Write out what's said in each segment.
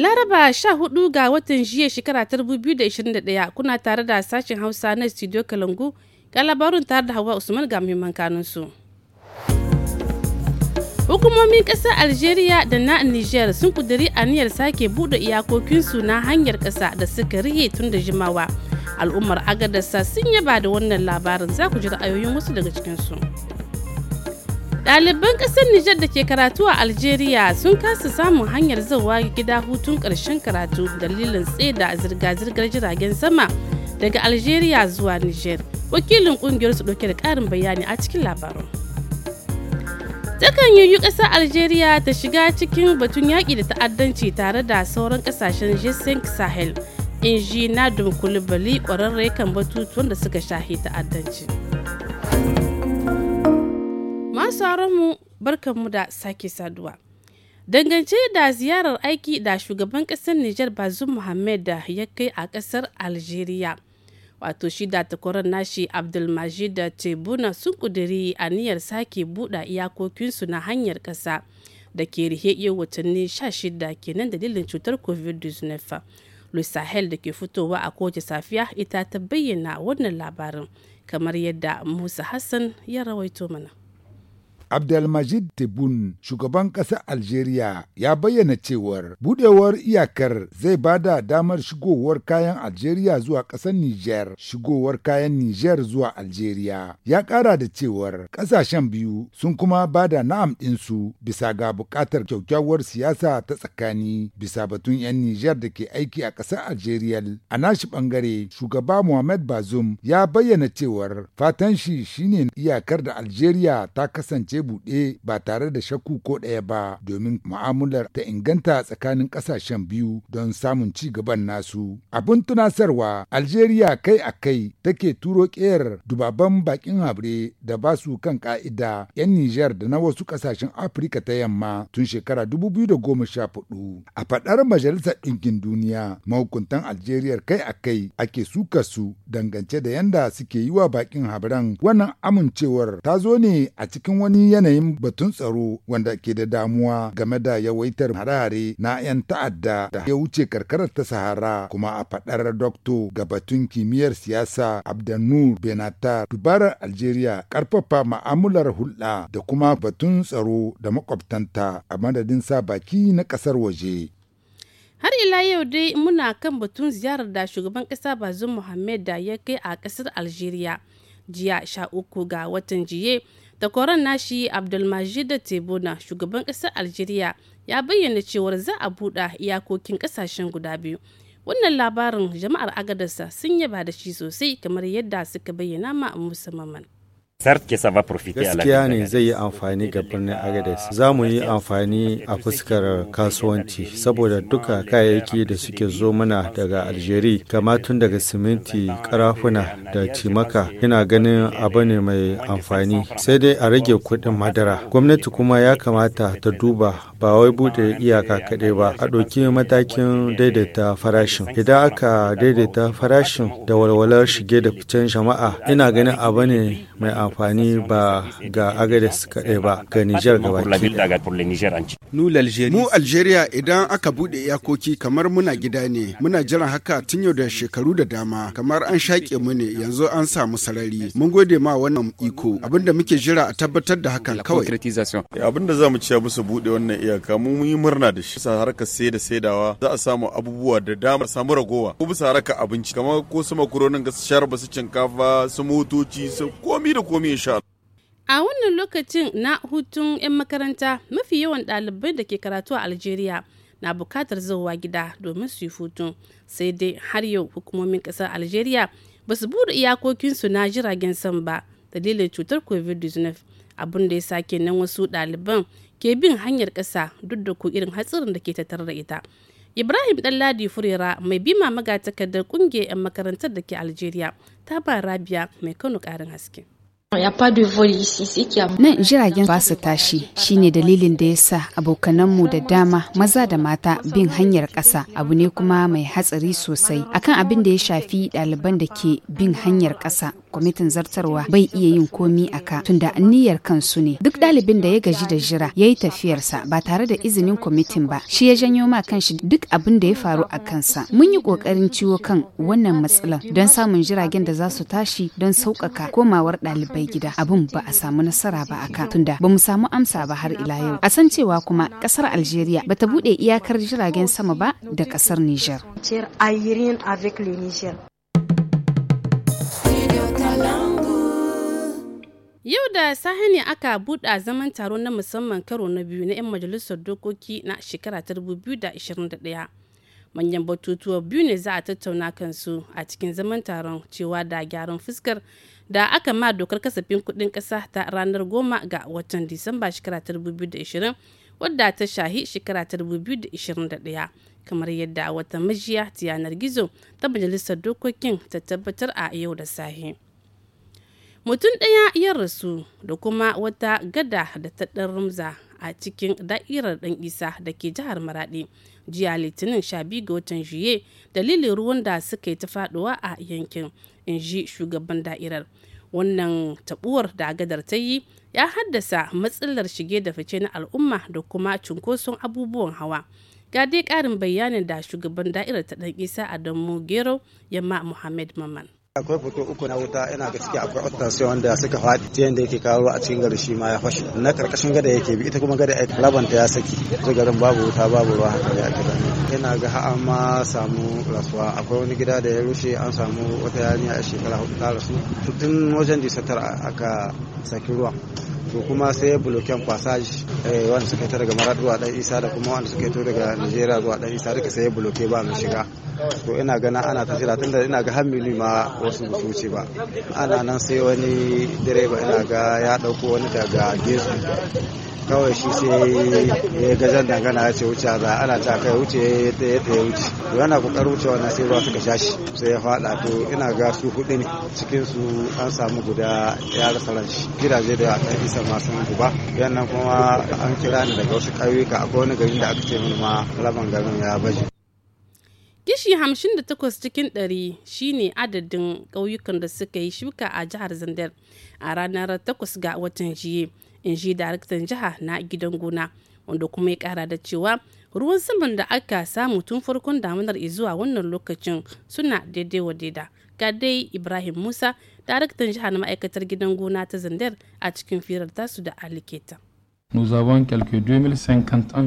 Laraba 14 ga watan jiya shekara ta 2021 kuna tare da sashen Hausa na Studio Kalangu ga labarin tare da Hawa Usman ga muhimman su. Hukumomin ƙasar Algeria da na Niger sun kuduri aniyar sake buɗe iyakokinsu na hanyar ƙasa da suka rihe tun da jimawa. Al'ummar agadarsa sun yaba da wannan labarin za ku ji ra'ayoyin wasu daga cikinsu. su. Ɗaliban ƙasar Nijar da ke karatu a Algeria sun kasa samun hanyar zuwa gida hutun ƙarshen karatu dalilin tseda zirga-zirgar jiragen sama daga Algeria zuwa Nijar. Wakilin ƙungiyar su ɗauke da ƙarin bayani a cikin labarin. Takan yiwu ƙasar Algeria ta shiga cikin batun yaƙi da ta'addanci tare da sauran ƙasashen G5 Sahel. In ji Nadum Kulubali ƙwararre kan batutuwan da suka shahi ta'addanci. mu barkanmu da sake saduwa. Dangance da ziyarar aiki da shugaban ƙasar Nijar Bazoum Mohammed da ya kai a ƙasar Algeria. Wato shi da takwarar nashi Abdulmajid da Tebuna sun ƙudiri aniyar sake buɗe iyakokinsu na hanyar ƙasa da ke rihe iya watanni 16 kenan dalilin cutar COVID-19. Louis Sahel da ke fitowa a kowace safiya ita ta bayyana wannan labarin kamar yadda Musa Hassan ya rawaito mana. Abdelmajid Tebun, shugaban ƙasar Algeria, ya bayyana cewar budewar iyakar zai ba da damar shigowar kayan Algeria zuwa ƙasar Niger, shigowar kayan Niger zuwa Algeria. Ya ƙara da cewar ƙasashen biyu sun kuma ba da na'am ɗinsu bisa ga buƙatar kyaukyawar siyasa ta tsakani bisa batun 'yan Niger da ke aiki a ƙasar Algeria. A nashi ɓangare, shugaba Mohamed Bazoum ya bayyana cewar fatan shi shine iyakar da Algeria ta kasance buɗe ba tare da shakku ko ɗaya ba domin mu'amular ta inganta tsakanin ƙasashen biyu don samun ci gaban nasu. Abin tunasarwa Algeria kai a kai take turo ƙeyar dubaban bakin habre da ba su kan ƙa'ida 'yan Nijar da na wasu ƙasashen Afirka ta yamma tun shekara da goma sha 2014. A faɗar Majalisar Ɗinkin Duniya mahukuntan Algeria kai a kai ake suka su dangance da yanda suke yi wa bakin habran wannan amincewar ta zo ne a cikin wani yanayin batun tsaro wanda ke da damuwa game da yawaitar harare na 'yan ta'adda da ya wuce karkarar ta sahara kuma a faɗar dokto ga batun kimiyyar siyasa abdanur benatar dubarar algeria karfafa ma'amular hulɗa da kuma batun tsaro da makwabtanta a madadin sa baki na ƙasar waje har ila yau dai muna kan batun ziyarar da shugaban ƙasa bazum muhammed da ya kai a ƙasar algeria jiya sha uku ga watan jiye da na nashi abdulmajid tebona shugaban ƙasar algeria ya bayyana cewar za a buɗe iyakokin ƙasashen guda biyu wannan labarin jama'ar agadarsa sun yaba da shi sosai kamar yadda suka bayyana ma musamman Gaskiya ne zai yi amfani ga birnin Agadez. Za mu yi amfani a fuskar kasuwanci saboda duka kayayyaki da suke zo mana daga Aljeri. kama tun daga siminti, karafuna da cimaka yana ganin abu ne mai amfani sai dai a rage kuɗin madara. Gwamnati kuma ya kamata ta duba ba wai bude iyaka kaɗai ba a ɗauki matakin daidaita farashin idan aka daidaita farashin da walwalar shige da fitan jama'a ina ganin abu ne mai amfani ba ga agades kaɗai ba ga nijar gabaki mu algeria idan aka bude iyakoki kamar muna gida ne muna jiran haka tun yau da shekaru da dama kamar an shaƙe mu ne yanzu an samu sarari mun gode ma wannan iko abinda muke jira a tabbatar da hakan kawai abinda za mu musu bude wannan iyaka mu mun yi murna da shi bisa harkar sai da saidawa za a samu abubuwa da damar samu ragowa ko bisa harkar abinci kamar ko su makuronin ga ba su cinkafa su motoci su komi da komi insha A wannan lokacin na hutun 'yan makaranta mafi yawan ɗalibai da ke karatu a Algeria na bukatar zuwa gida domin su yi hutun sai dai har yau hukumomin ƙasar Algeria ba su buɗe iyakokinsu na jiragen san ba dalilin cutar COVID-19 abin da ya sake nan wasu ɗaliban ke bin hanyar ƙasa duk da ku irin hatsarin da ke tattare da ita ibrahim ɗanladi furera mai bima magatakardar ƙungiyar 'yan makarantar da ke algeria ta ba rabia mai kano ƙarin haske Nan jiragen ba su tashi shine dalilin da ya sa abokananmu da dama maza da mata bin hanyar ƙasa abu ne kuma mai hatsari sosai akan abin da ya shafi ɗaliban da ke bin hanyar ƙasa kwamitin zartarwa bai iya yin komi a ka tunda niyyar kansu ne duk ɗalibin da ya gaji da jira ya yi tafiyarsa ba tare da izinin kwamitin ba shi ya janyo ma kanshi duk abin da ya faru a kansa mun yi ƙoƙarin ciwo kan wannan matsalar don samun jiragen da za su tashi don sauƙaƙa komawar ɗalibai gida abin ba a samu nasara ba a ka tunda ba mu samu amsa ba har ila yau a san cewa kuma ƙasar algeria ta buɗe iyakar jiragen sama ba da ƙasar niger Yau da sahani aka buɗa zaman taro na musamman karo na biyu na 'yan majalisar dokoki na shekara ta 2021. Manyan batutuwa biyu ne za a tattauna kansu a cikin zaman taron cewa da gyaran fuskar da aka ma dokar kasafin kuɗin ƙasa ta ranar goma ga watan Disamba shekara ta 2020 wadda ta shahi shekara ta 2021 kamar yadda wata majiya ta yanar gizo ta majalisar dokokin ta tabbatar a yau da sahi. mutum ɗaya ya rasu da kuma wata gada da ta ɗan rumza a cikin da'irar ɗan isa da ke jihar maraɗi jiya litinin 12 ga watan juye dalilin ruwan da suka yi ta faɗuwa a yankin in ji shugaban da'irar wannan tabuwar da gadar ta yi ya haddasa matsalar shige da fice na al'umma da kuma cunkoson abubuwan hawa ga dai ƙarin bayanin da shugaban da'irar ta ɗan isa adamu gero yamma muhammad maman akwai foto uku na wuta ina ciki akwai otansiyon wanda suka faɗi ta yadda yake kawo a cikin gari shi ma ya fashe na karkashin gada yake bi ita kuma gada ya labanta ya saki ta garin babu wuta babu ruwa haka ya gida ina ga ha'a ma samu rasuwa akwai wani gida da ya rushe an samu wata yarinya a shekara hudu ta rasu tun wajen disatar aka saki ruwa to kuma sai ya bloken passage eh, wanda suka ta daga Marat zuwa dan Isa da kuma wanda suka to daga Nigeria zuwa dan Isa duka sai ya bloke ba mai shiga to ina gana ana ta tun tunda ina ga hamili ma wasu su wuce ba ana nan sai wani direba ina ga ya dauko wani daga Gesu kawai shi sai ya gajen dangana ya ce wuce za ana ta kai wuce ya ya wuce to yana kokar wuce wa sai ruwa suka sha shi sai ya faɗa to ina ga su hudu ne cikin su an samu guda ya rasa ran shi gidaje da ɗan isa ma sun guba yannan kuma an kira ni daga wasu ƙauyuka akwai wani garin da aka ce min ma laban garin ya baje Kishi takwas cikin 100 shine adadin ƙauyukan da suka yi shuka a jihar Zandar a ranar 8 ga watan jiye, in ji daraktan jiha na gidan gona, wanda kuma ya kara da cewa ruwan saman da aka samu tun farkon damunar zuwa wannan lokacin suna daidai wa daida. Ga dai Ibrahim Musa, daraktan jiha na ma'aikatar gidan gona ta Zandar a cikin firar tasu da Aliketa.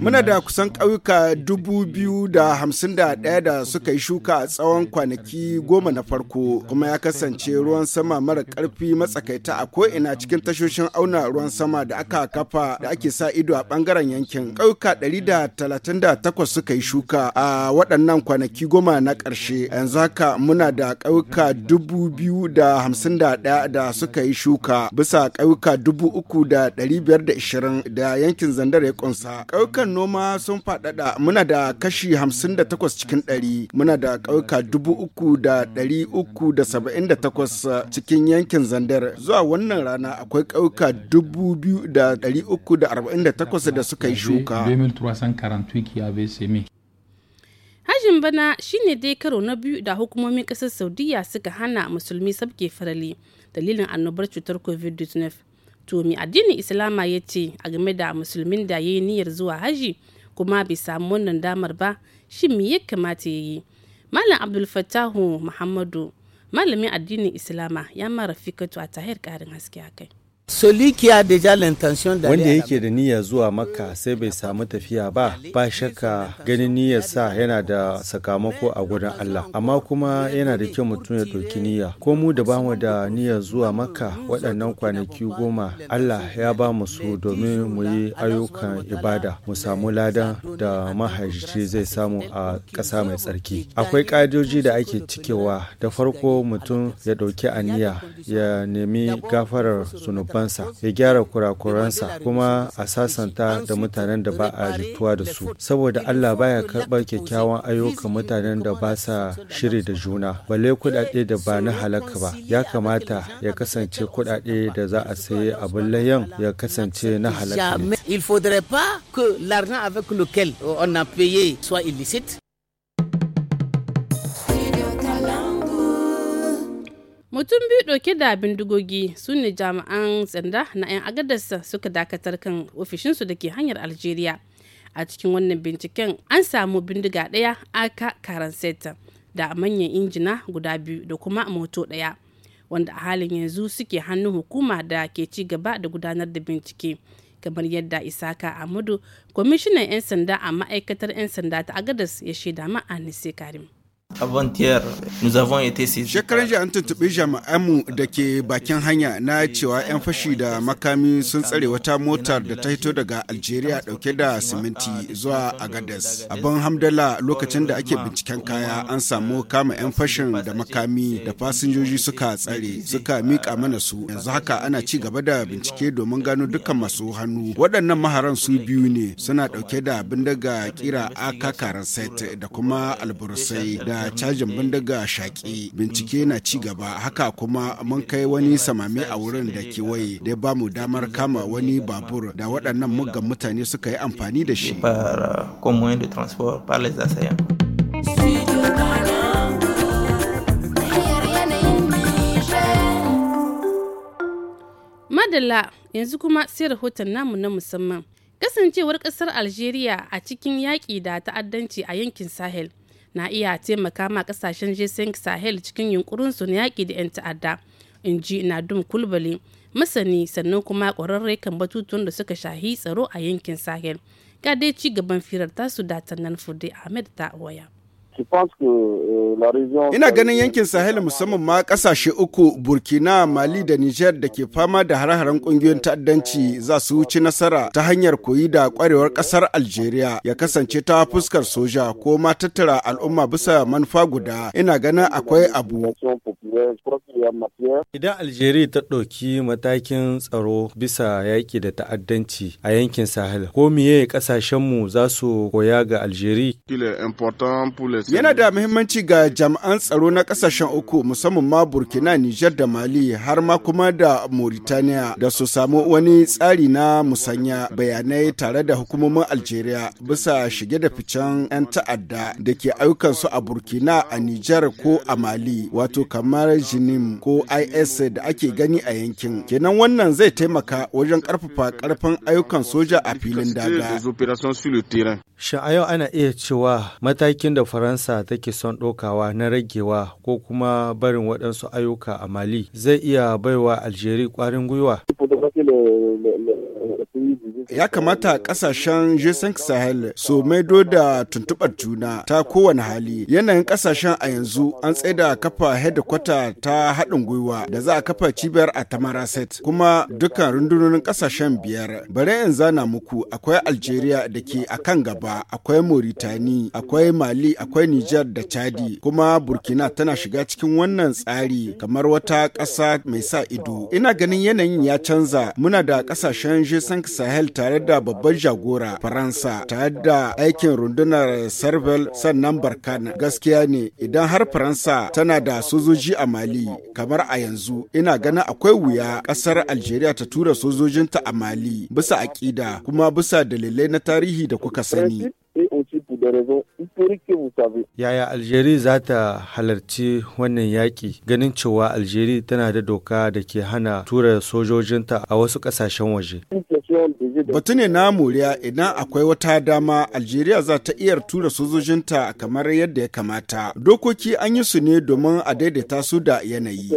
Muna da kusan ƙauyuka dubu biyu da hamsin da ɗaya da suka yi shuka a tsawon kwanaki goma na farko kuma ya kasance ruwan sama mara ƙarfi matsakaita a ko'ina cikin tashoshin auna ruwan sama da aka kafa da ake sa ido a ɓangaren yankin. Ƙauyuka ɗari da talatin da takwas suka yi shuka a waɗannan kwanaki goma na ƙarshe. Yanzu haka muna da ƙauyuka dubu biyu da hamsin da ɗaya da suka yi shuka bisa ƙauyuka dubu uku da ɗari biyar da ishirin da yankin zandar ya kunsa ƙauyukan noma sun faɗaɗa muna da kashi 58 cikin 100 muna da ƙauyuka 3,378 cikin yankin zandar zuwa wannan rana akwai ƙauyuka 2,348 da suka yi shuka hajjin bana shine dai karo na biyu da hukumomin kasar saudiya suka hana musulmi sabke farali dalilin annobar cutar covid-19 to mai addinin islama ya ce a game da musulmin da ya yi niyyar zuwa haji kuma bai samu wannan damar ba shi me ya kamata ya yi malam abdul fatahu muhammadu malamin addinin islama ya mara fikatu a tahir karin haske a kai da Wanda yake da niyya zuwa maka sai bai samu tafiya ba, ba shakka ganin niyyar sa yana da sakamako a gurin Allah. Amma kuma yana da kyau mutum ya ɗauki niyya. Ko mu da bamu da niyyar zuwa maka waɗannan kwanaki goma Allah ya ba mu su domin mu yi ayyukan ibada, mu samu lada da mahaici zai samu a ƙasa mai tsarki. Akwai ƙa'idoji da ake cikewa da farko mutum ya ɗauki aniya ya nemi gafarar zunuban zunubansa ya gyara kurakuransa kuma a sasanta da mutanen da ba a jituwa da su saboda Allah baya karɓar kyakkyawan ayyukan mutanen da ba sa shiri da juna balle kuɗaɗe da ba na halaka ba ya kamata ya kasance kuɗaɗe da za a sayi abin layan ya kasance na halaka. Il faudrait pas que l'argent avec lequel on a mutum biyu ɗauke da bindigogi su ne jami'an tsanda na 'yan agadarsa suka dakatar kan ofishinsu da ke hanyar algeria a cikin wannan binciken an samu bindiga ɗaya aka karan seta da manyan injina guda biyu da kuma moto ɗaya wanda a halin yanzu suke hannun hukuma da ke ci gaba da gudanar da bincike kamar yadda isaka amadu kwamishinan 'yan sanda a ma'aikatar 'yan sanda ta agadas ya shaida a nise karim avant-hier nous avons été saisis. Shekaran an tuntuɓi jami'anmu da ke bakin hanya na cewa 'yan fashi da makami sun tsare wata motar da ta hito daga Algeria dauke da siminti zuwa Agadez. Abin hamdala lokacin da ake binciken kaya an samu kama 'yan fashin da makami da fasinjoji suka tsare suka mika mana su yanzu haka ana ci gaba da bincike domin gano dukkan masu hannu. Waɗannan maharan su biyu ne suna dauke da bindiga kira AK set da kuma alburusai da cajin bindiga shaƙi bincike na ci gaba haka kuma mun kai wani samami a wurin da kewaye da ba mu damar kama wani babur da waɗannan muggan mutane suka yi amfani da shi. Madalla yanzu kuma sai rahoton namu na musamman. Kasancewar ƙasar Algeria a cikin yaƙi da ta'addanci a yankin Sahel na iya taimaka ma kasashen g sahel cikin su na yaƙi da 'yan ta'adda in ji nadum kulbali masani sannan kuma ƙwararre kan batutuwan da suka shahi tsaro a yankin sahel ga dai ci gaban firar tasu da tannan fudi ahmed ta waya Euh, Ina ganin yankin Sahel musamman ma kasashe uku Burkina, Mali da niger da ke fama da hare-haren kungiyoyin ta'addanci za su wuce nasara ta hanyar koyi da kwarewar kasar Algeria ya kasance ta fuskar soja ko ma tattara al'umma bisa manufa guda. Ina ganin akwai abu. Idan Algeria ta ɗauki matakin tsaro bisa yaƙi da ta'addanci a yankin Sahel, ko miye ƙasashenmu za su koya ga Algeria? Yana da muhimmanci ga jami'an tsaro na ƙasashen uku musamman ma Burkina, Nijar da Mali har ma kuma da Mauritania da su samu wani tsari na musanya bayanai tare da hukumomin Algeria bisa shige da ficen 'yan ta'adda da ke ayyukansu a Burkina, a Nijar ko a Mali wato kamar kyamar jinim ko is da ake gani a yankin kenan wannan zai taimaka wajen karfafa karfin ayyukan soja a filin daga shin yau ana iya cewa matakin da faransa take son ɗaukawa na ragewa ko kuma barin waɗansu ayyuka a mali zai iya baiwa aljeri ƙwarin gwiwa ya kamata kasashen G5 Sahel su maido da tuntubar juna ta kowane hali. Yanayin kasashen a yanzu an tsaida kafa hedikwata ta haɗin gwiwa da za a kafa cibiyar a Tamaraset kuma dukkan rundunonin kasashen biyar. Bare in zana muku akwai Algeria da ke a kan gaba, akwai Mauritani, akwai Mali, akwai niger da Chadi, kuma Burkina tana shiga cikin wannan tsari kamar wata ƙasa mai sa ido. Ina ganin yanayin ya canza muna da kasashen G5 Sahel tare da babban jagora Faransa tare da aikin rundunar Serval sannan Barkan gaskiya ne idan har Faransa tana da sojoji a Mali kamar a yanzu ina ganin akwai wuya kasar Algeria ta tura sojojinta a Mali bisa aƙida kuma bisa dalilai na tarihi da kuka sani. Yaya Algeria za ta halarci wannan yaƙi ganin cewa Algeria tana da doka da ke hana tura sojojinta a wasu ƙasashen waje. Batu ne na moriya idan akwai wata dama Algeria za ta iya tura sojojinta kamar yadda ya kamata. Dokoki an yi su ne domin a daidaita su da yanayi.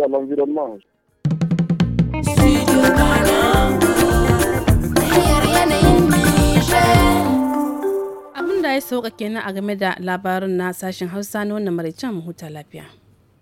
Abin da ya sauka kenan a game da labarin na sashen Hausa na wannan maraicen huta lafiya.